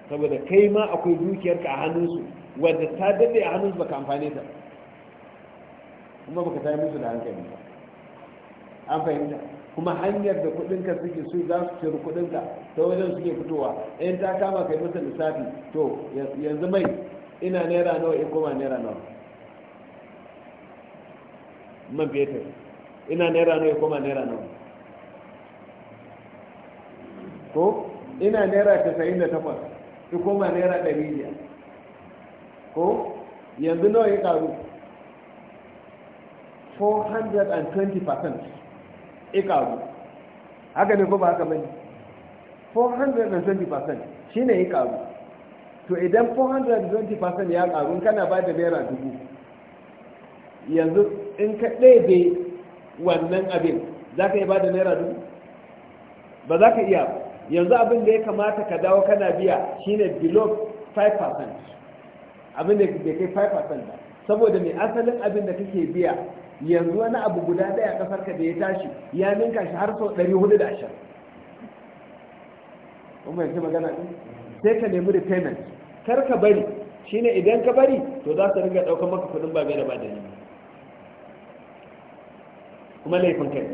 saboda kai ma akwai dukiyarka a hannunsu wadda ta daɗe a hannun baka amfani ta kuma baka yi musu da hankali ba an fahimta kuma hanyar da kudinka suke su za su ciri kudinka ta wajen suke fitowa in ta kama kai masa lissafi to yanzu mai ina naira nawa in koma naira nawa man fetur ina naira nawa in koma naira nawa ko ina naira 98 in koma naira 100 ko yanzu nawa ya karu 420% ya karu haka ne ko ba haka bane 420% shine ya karu to idan 420% ya karu kana ba da naira dubu yanzu in ka ɗebe wannan abin za ka yi ba da naira dubu ba za ka iya yanzu abin da ya kamata ka dawo kana biya shine below 5% abin da ke kai 5% ba saboda mai asalin abin da kake biya yanzu wani abu guda daya kasar ka da ya tashi ya ninka shi har sau 420 kuma yanzu magana ɗin sai ka nemi repayment kar ka bari shine idan ka bari to za su riga ɗaukar maka kudin ba gada ba da ni. kuma laifin kai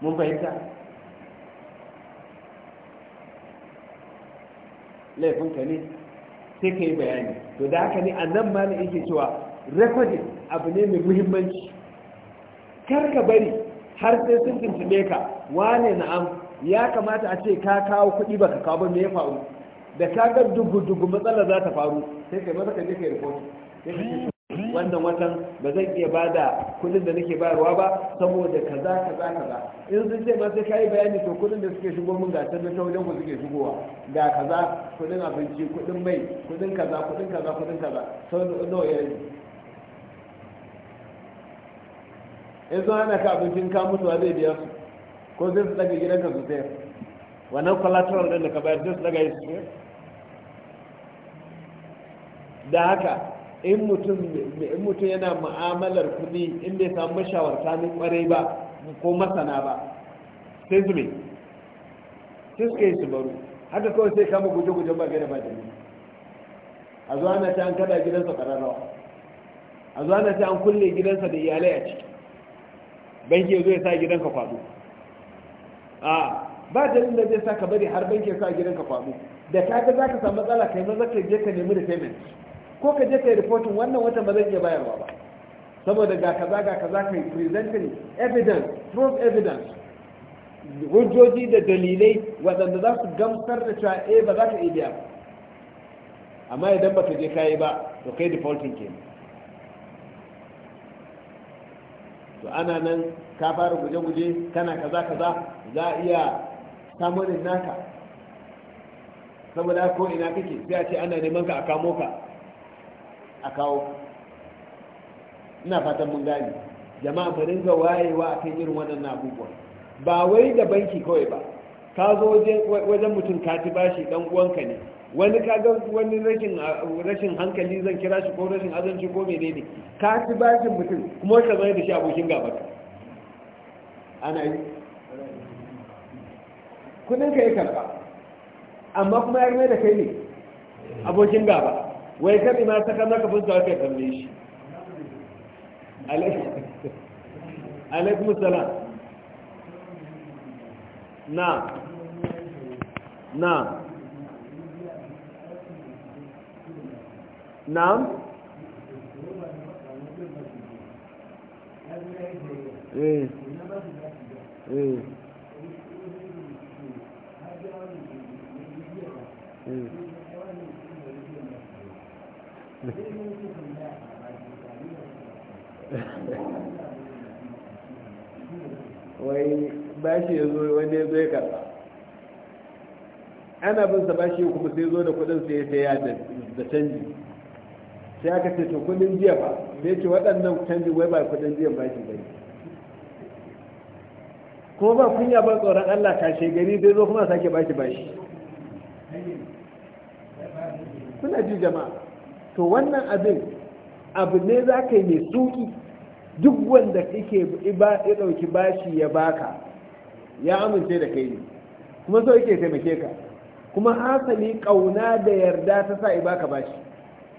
mun fahimta laifinka ne sai ka yi bayani to da haka ne a nan ma na yake cewa rekodin abu ne mai muhimmanci kar ka bari har sai sun tuntube ka wane na'am ya kamata a ce ka kawo kuɗi baka kawo ba me ya faru da ka ga dugu-dugu matsalar za ta faru sai kai masa ka je ka yi rikon wannan watan ba zai iya ba da kudin da nake bayarwa ba saboda kaza kaza kaza in sun ce ma sai kayi bayani to kudin da suke shigo min ga sabbin ta wajen ku suke shigowa ga kaza kudin abinci kudin mai kudin kaza kudin kaza kudin kaza sau da nawa ya yi. in sun hana ka abincin ka mutuwa zai biya su ko zai su daga gidanka su sayar wannan collateral din da ka bayar zai su daga yi su sayar da haka in mutum yana ma'amalar kudi in bai samu mashawarta ne kwarai ba ko masana ba sai su mai sai suka yi su baro haka kawai sai kama guje-guje ba gada ba da ni. a zuwa na ta an kada gidansa ƙararrawa a zuwa na ta an kulle gidansa da iyalai a ciki banki ya zo ya sa gidanka kwado a ba dalilin da zai sa ka bari har banki ya sa gidanka kwado da ka ga za ka samu matsala kai maza ka je ka nemi repayment ko ka je kai reporting wannan watan ba zai iya bayarwa ba saboda ga kaza ga kaza kai presenting evidence proof evidence hujjoji da dalilai waɗanda za su gamsar da cewa eh ba za ka iya ba amma idan ba ka je kayi ba to kai defaulting ke to ana nan ka fara guje-guje kana kaza kaza za a iya samunin naka saboda ko ina kake sai a ce ana neman ka a kamo ka a kawo ina fatan mun gane jama'a bari ga wayewa a kan irin wannan abubuwa ba wai da banki kawai ba ka zo wajen mutum ka ci bashi dan uwanka ne wani ka ga wani rashin rashin hankali zan kira shi ko rashin azanci ko menene ka ci bashin mutum kuma ka zai da shi abokin gaba ana yi kudin ka yi karba amma kuma yarmai mai da kai ne abokin gaba wai kadi ma ta saka maka fuska kai kalle shi alaikum salam na na na Mm-hmm. wai ba shi ya zo wani ya zo ya ana bin sa ba shi kuma sai zo da kudin sai sai ya da canji sai aka ce to kudin jiya ba da ce waɗannan canji wai ba kudin jiya bashi bane ko ba kunya ba tsoron Allah shi gari dai zo kuma sake bashi bashi kuna ji jama'a to wannan abin abu ne za ka yi mai suki duk wanda yake ya ɗauki bashi ya baka ya amince da kai ne kuma so yake taimake ka kuma hasali ƙauna da yarda ta sa i baka bashi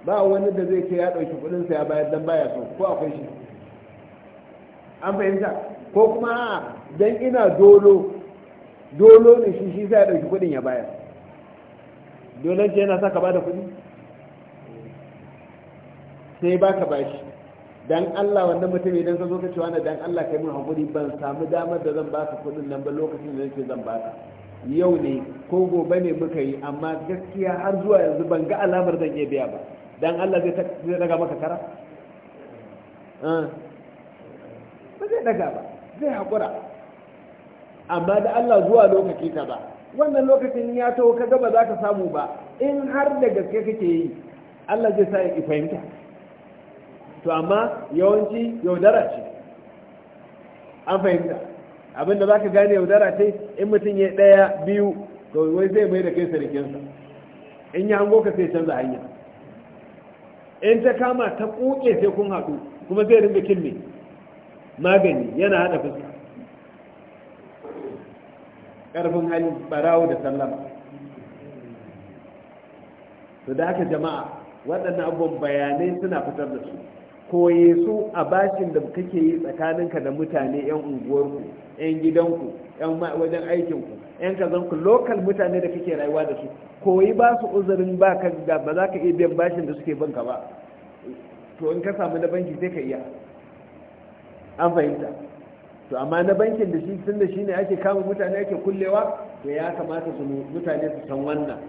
ba wani da zai ce ya ɗauki kuɗinsa ya bayar don baya so ko akwai shi an fahimta ko kuma don ina dolo dolo ne shi shi sai ya ɗauki kuɗin ya bayar Dole ce yana sa ka ba da kuɗi sai baka bashi dan Allah wannan mutum idan ka zo ka cewa dan Allah kai mun hakuri ban samu damar da zan baka kudin nan ba lokacin da nake zan baka yau ne ko gobe ne muka yi amma gaskiya har zuwa yanzu ban ga alamar zan iya biya ba dan Allah zai daga maka kara ah. ba zai daga ba zai hakura amma da Allah zuwa lokaci ta ba wannan lokacin ya to ka ba za ka samu ba in har da gaske kake yi Allah zai sa ya fahimta to amma yawanci yaudara ce an fahimta abinda za ka gane yaudara ce in mutum ya ɗaya biyu to wai zai mai da kai sarikinsa in ya hango ka sai canza hanya in ta kama ta kuke sai kun haɗu kuma zai ringa kinne magani yana haɗa fuska ƙarfin hali barawo da sallama su da haka jama'a waɗannan abubuwan bayanai suna fitar da su koye su a bashin da kake yi tsakaninka da mutane 'yan unguwarku 'yan gidanku 'yan wajen aikinku 'yan kazanku lokal mutane da kake rayuwa da su koyi ba su uzurin ba ka ga ba za ka iya biyan bashin da suke banka ba to in ka samu na banki sai ka iya an fahimta to amma na bankin da shi tun da shi ne ake kama mutane ake kullewa to ya kamata su mutane su san wannan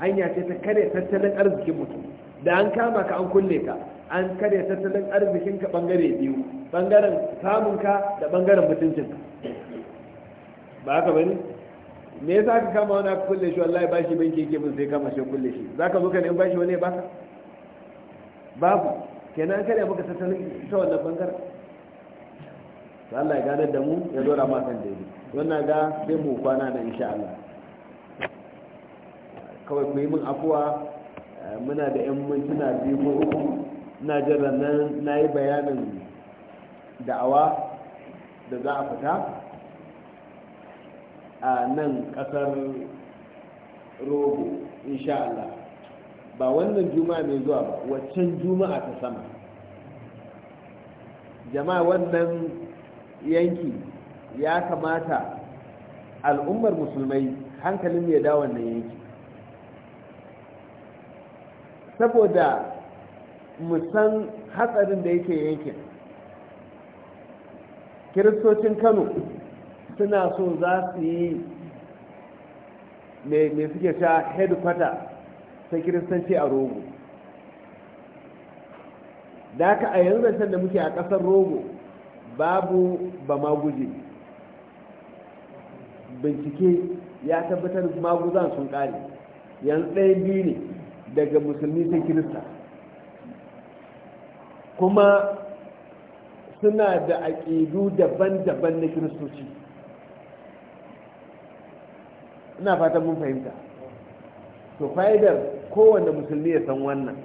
hanya ce ta kare tattalin arzikin mutum da an kama ka an kulle ka an karya tattalin arzikinka bangare biyu bangaren samunka da bangaren mutuncinka ba haka bane me yasa ka kama wani aka kulle shi wallahi ba shi banki yake mun sai kama shi kulle shi za ka zo ka nemi bashi wani baka babu kenan an karya tattalin ta wannan bangaren to Allah ya gane da mu ya dora ma kan daidai wannan ga sai mu kwana da insha Allah kawai ku yi min afuwa muna da 'yan mintuna biyu ko uku na jira nan na yi bayanin da'awa da za a fita a nan kasar rogo insha Allah ba wannan juma'a mai zuwa ba waccan juma'a ta sama jama'a wannan yanki ya kamata al'ummar musulmai hankalin ya da wannan yanki saboda mu san hatsarin da yake yankin kiristocin kano suna so za su yi mai suke sha headquarter ta kiristanci a rogo da aka a yanzu can da muke a ƙasar rogo babu ba maguje bincike ya tabbatar maguzan sun ƙare yanzu ɗaya biyu ne daga musulmi sai kirista kuma suna da aƙidu daban-daban na kiristoci ina fatan mun fahimta to fa'idar kowane musulmi ya san wannan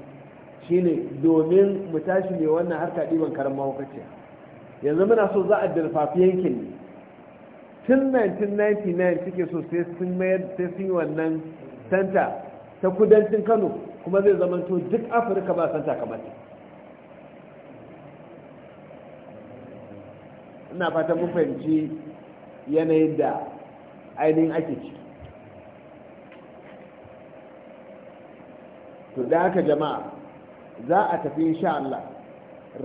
shine domin mu tashi ne wannan harka ɗiban karan mahaukaciya yanzu muna so za a dalfafi yankin ne tun 1999 suke so sai sun yi wannan santa ta kudancin kano kuma zai zamanto duk afirka ba santa kamar ta ina fata mun fahimci yanayin da ainihin ake ci to da haka jama'a za a tafi insha Allah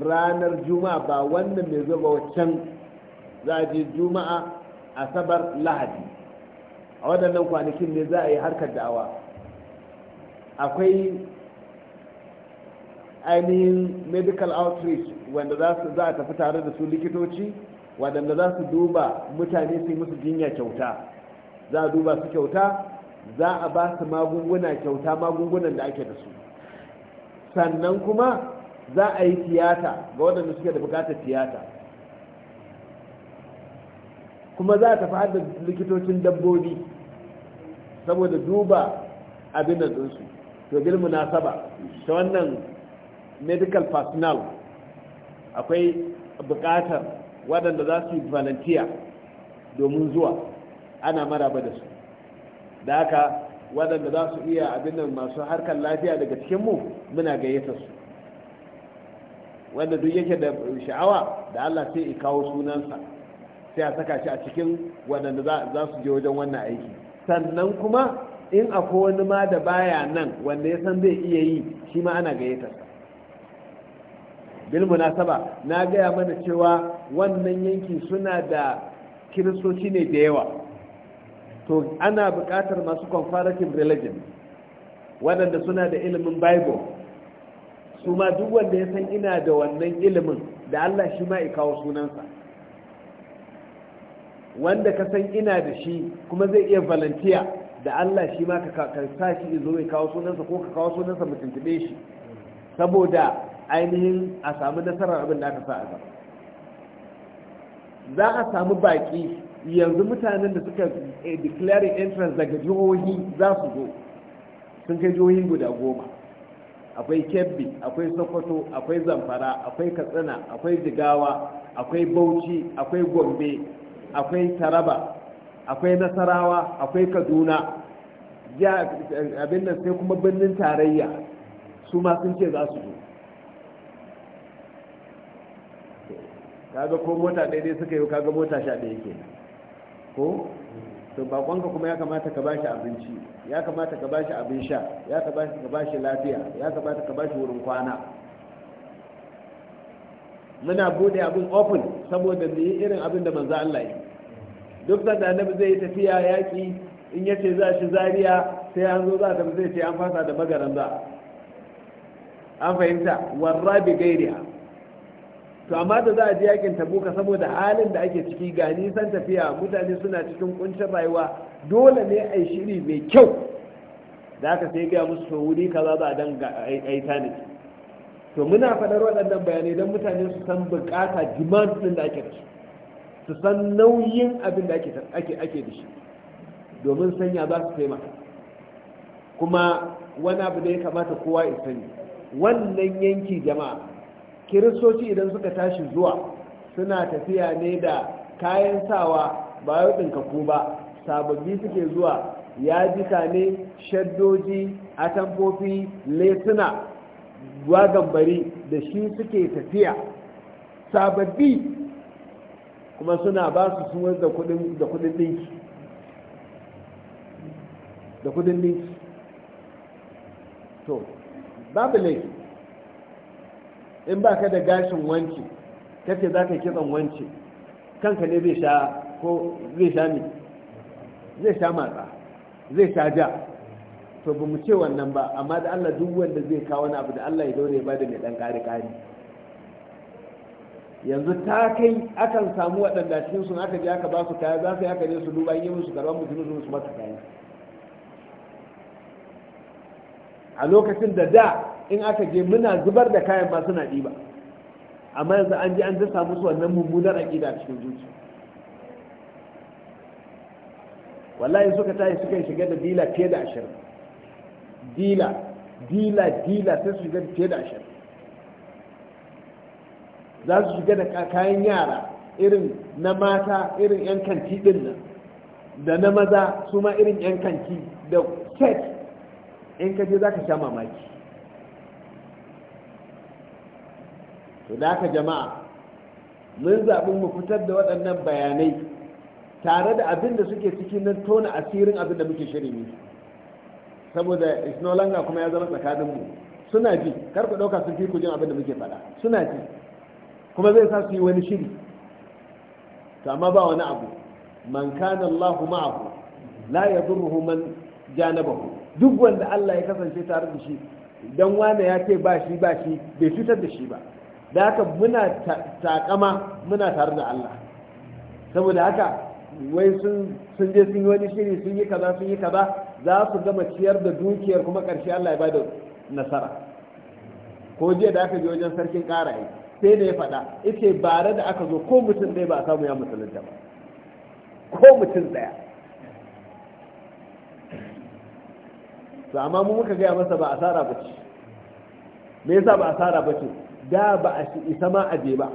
ranar juma'a ba wannan mai zuba waccan za a je juma'a asabar lahadi a waɗannan kwanakin ne za a yi harkar da'awa akwai ainihin medical outreach wanda za a tafi tare da su likitoci waɗanda za su duba mutane su yi musu jinya kyauta za a duba su kyauta za a ba su magunguna kyauta magungunan da ake da su sannan kuma za a yi tiyata ga waɗanda suke da bukatar tiyata kuma za a tafi hada likitocin dabbobi saboda duba abin da ɗinsu to bil munasaba ta wannan medical personnel akwai bukatar waɗanda za su yi domin zuwa ana maraba da su da haka waɗanda za su iya abin nan masu harkar lafiya daga cikinmu muna gayyata su wanda duk yake da sha'awa da allah sai i kawo sunansa sai a saka shi a cikin waɗanda za su je wajen wannan aiki sannan kuma in akwai wani ma da baya nan wanda ya san zai iya yi shi ma ana gayyatarsa bil munasaba na gaya mana cewa wannan yanki suna da kiristoci ne da yawa to ana buƙatar masu comparative religion waɗanda suna da ilimin bible su ma duk wanda ya san ina da wannan ilimin da allah shi ma kawo sunansa wanda ka san ina da shi kuma zai iya volunteer da allah shi ma ka sa shi izo ya kawo sunansa ko ka kawo sunansa mutuntube shi saboda ainihin a samu nasarar abin da aka sa a gaba za a samu baki yanzu mutanen da suka eh, declaring entrance daga jihohi za su zo sun kai jihohi guda goma akwai kebbi akwai sokoto akwai zamfara akwai katsina akwai jigawa akwai bauchi akwai gombe akwai taraba akwai nasarawa akwai kaduna abin nan sai kuma birnin tarayya su ma sun ce za su zo kaga ko mota ɗaya ne suka yi kaga mota sha ɗaya ke ko to bakonka kuma ya kamata ka bashi abinci ya kamata ka bashi abin sha ya kamata ka bashi lafiya ya kamata ka bashi wurin kwana muna bude abin open saboda mu yi irin abin da manzo Allah yi duk da annabi zai tafiya yaki in yace za shi zariya sai an zo za ta zai ce an fasa da magaran za an fahimta warra bi gairiha to amma da za a ji yakin tabuka saboda halin da ake ciki ga nisan tafiya mutane suna cikin kuncin rayuwa dole ne a yi shiri mai kyau da aka sai gaya musu to wuri kaza za a dan tanadi to muna faɗar waɗannan bayanai don mutane su san buƙata demand ɗin da ake da shi su san nauyin abin da ake da shi domin sanya za su taimaka kuma wani abu da ya kamata kowa ya sani wannan yanki jama'a kiristoci idan suka tashi zuwa suna tafiya ne da kayan sawa ba yau kaku ba sababbi suke zuwa ya jika ne shaddoji atamfofi lesuna gwagambari da shi suke tafiya sababbi kuma suna ba su suwar da kudin dinki da kudin dinki to babu laifi in ba ka da gashin wanki kace za ka kitsan wanki kanka ne zai sha ko zai sha ne zai sha matsa zai sha ja to ba mu ce wannan ba amma da Allah duk wanda zai kawo wani abu da Allah ya daure ba da mai dan kare kare yanzu ta kai akan samu waɗanda cikin sun aka je aka ba su kaya za su yi aka ne su duba yi musu karɓar mutum su mata kai. a lokacin da da in aka je muna zubar da kayan ba suna ɗiba amma yanzu an je an dasa musu wannan mummunar aƙida a cikin zuci wallahi suka tashi suka shiga da dila fiye da ashirin dila dila dila sai su shiga da fiye da ashirin za su shiga da kayan yara irin na mata irin 'yan kanti din nan da na maza su ma irin 'yan kanti da set in ka je za ka sha mamaki to da haka jama'a mun zaɓi mu fitar da waɗannan bayanai tare da abin da suke cikin nan tona asirin abin da muke shirin saboda isnolanga kuma ya zama tsakaninmu suna ji kar ku ɗauka sun fi ku jin abin da muke faɗa suna ji kuma zai sa su yi wani shiri to amma ba wani abu man kana Allahu ma'ahu la yadurruhu man janabahu duk wanda Allah ya kasance tare da shi dan wanda ya ce ba shi ba shi bai fitar da shi ba da haka muna takama muna tare da Allah saboda haka wai sun je sun yi wani shiri sun yi kaza sun yi kaza za su gama ciyar da dukiyar kuma ƙarshe Allah ya bada nasara ko jiya da aka je wajen sarkin karaye sai da ya faɗa ita bare da aka zo ko mutum ɗaya ba a samu ya musulunta ba ko mutum ɗaya to amma mu muka gaya masa ba asara ba ce me yasa ba asara ba ce da ba a isa ma aje ba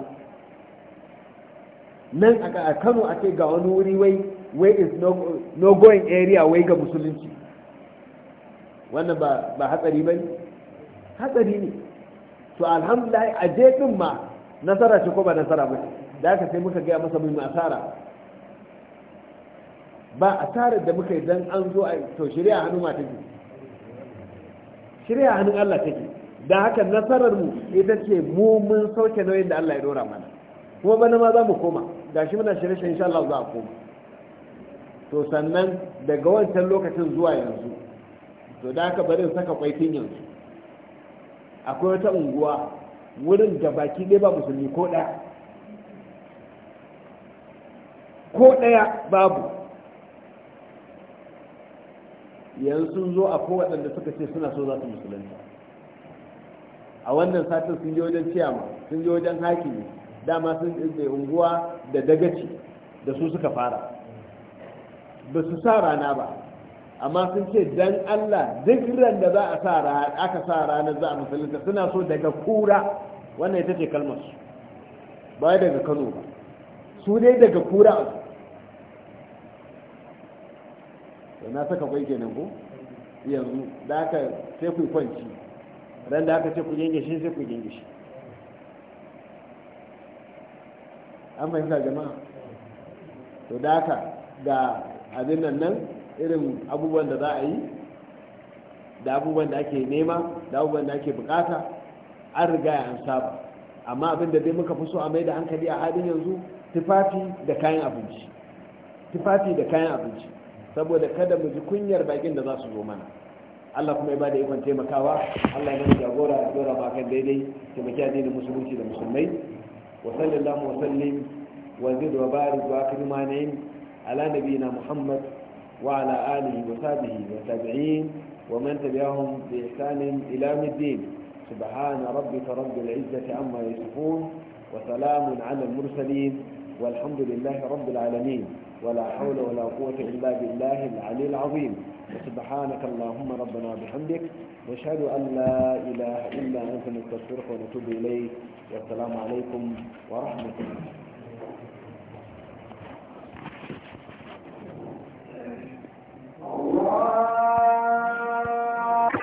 nan a kano a ce ga wani wuri wai wai is no going area wai ga musulunci wannan ba hatsari ba hatsari ne to alhamdulillah a je din ma nasara ce ko ba nasara ba da aka sai muka gaya masa mai asara ba asarar da muka yi dan an zo a to shirya hannu ma take shirya hannun Allah take da haka nasarar mu ita ce mu mun sauke nauyin da Allah ya dora mana kuma bana ma za mu koma gashi muna shirye insha Allah za a koma to sannan daga wancan lokacin zuwa yanzu to da haka bari saka kwaitin yanzu akwai wata unguwa wurin da baki ɗaya ba musulmi ko ɗaya ko ɗaya babu yanzu sun zo a waɗanda suka ce suna so za su musulunta a wannan satin sun je wajen ciyama sun je wajen hakimi dama sun tsaye eh, unguwa da dagaci da su suka fara ba su sa rana ba amma sun ce dan Allah duk ran da za a sa rana aka sa ranar za a musulunta suna so daga kura wannan ita ce kalmar su ba daga Kano ba su ne daga kura a na saka kwai kenan ko yanzu da aka sai ku kwanci ran da aka ce ku jinge shi sai ku jinge shi an fahimta jama'a to da haka ga abin nan nan irin abubuwan da za a yi da abubuwan da ake nema da abubuwan da ake bukata an riga ya an saba amma abin da dai muka fi so a mai da hankali a halin yanzu tufafi da kayan abinci tufafi da kayan abinci saboda kada mu ji kunyar bakin da za su zo mana Allah kuma ya bada ikon taimakawa Allah ya jagora ya dora ba kan daidai taimaki addinin musulunci da musulmai wa sallallahu wa sallim wa zid wa barik wa akrima nayin ala nabiyina Muhammad wa ala alihi wa sahbihi wa tabi'in wa man tabi'ahum bi ihsanin ila yawmiddin سبحان ربك رب العزة عما يصفون وسلام على المرسلين والحمد لله رب العالمين ولا حول ولا قوة إلا بالله العلي العظيم سبحانك اللهم ربنا بحمدك واشهد أن لا إله إلا أنت نستغفرك ونتوب إليك والسلام عليكم ورحمة الله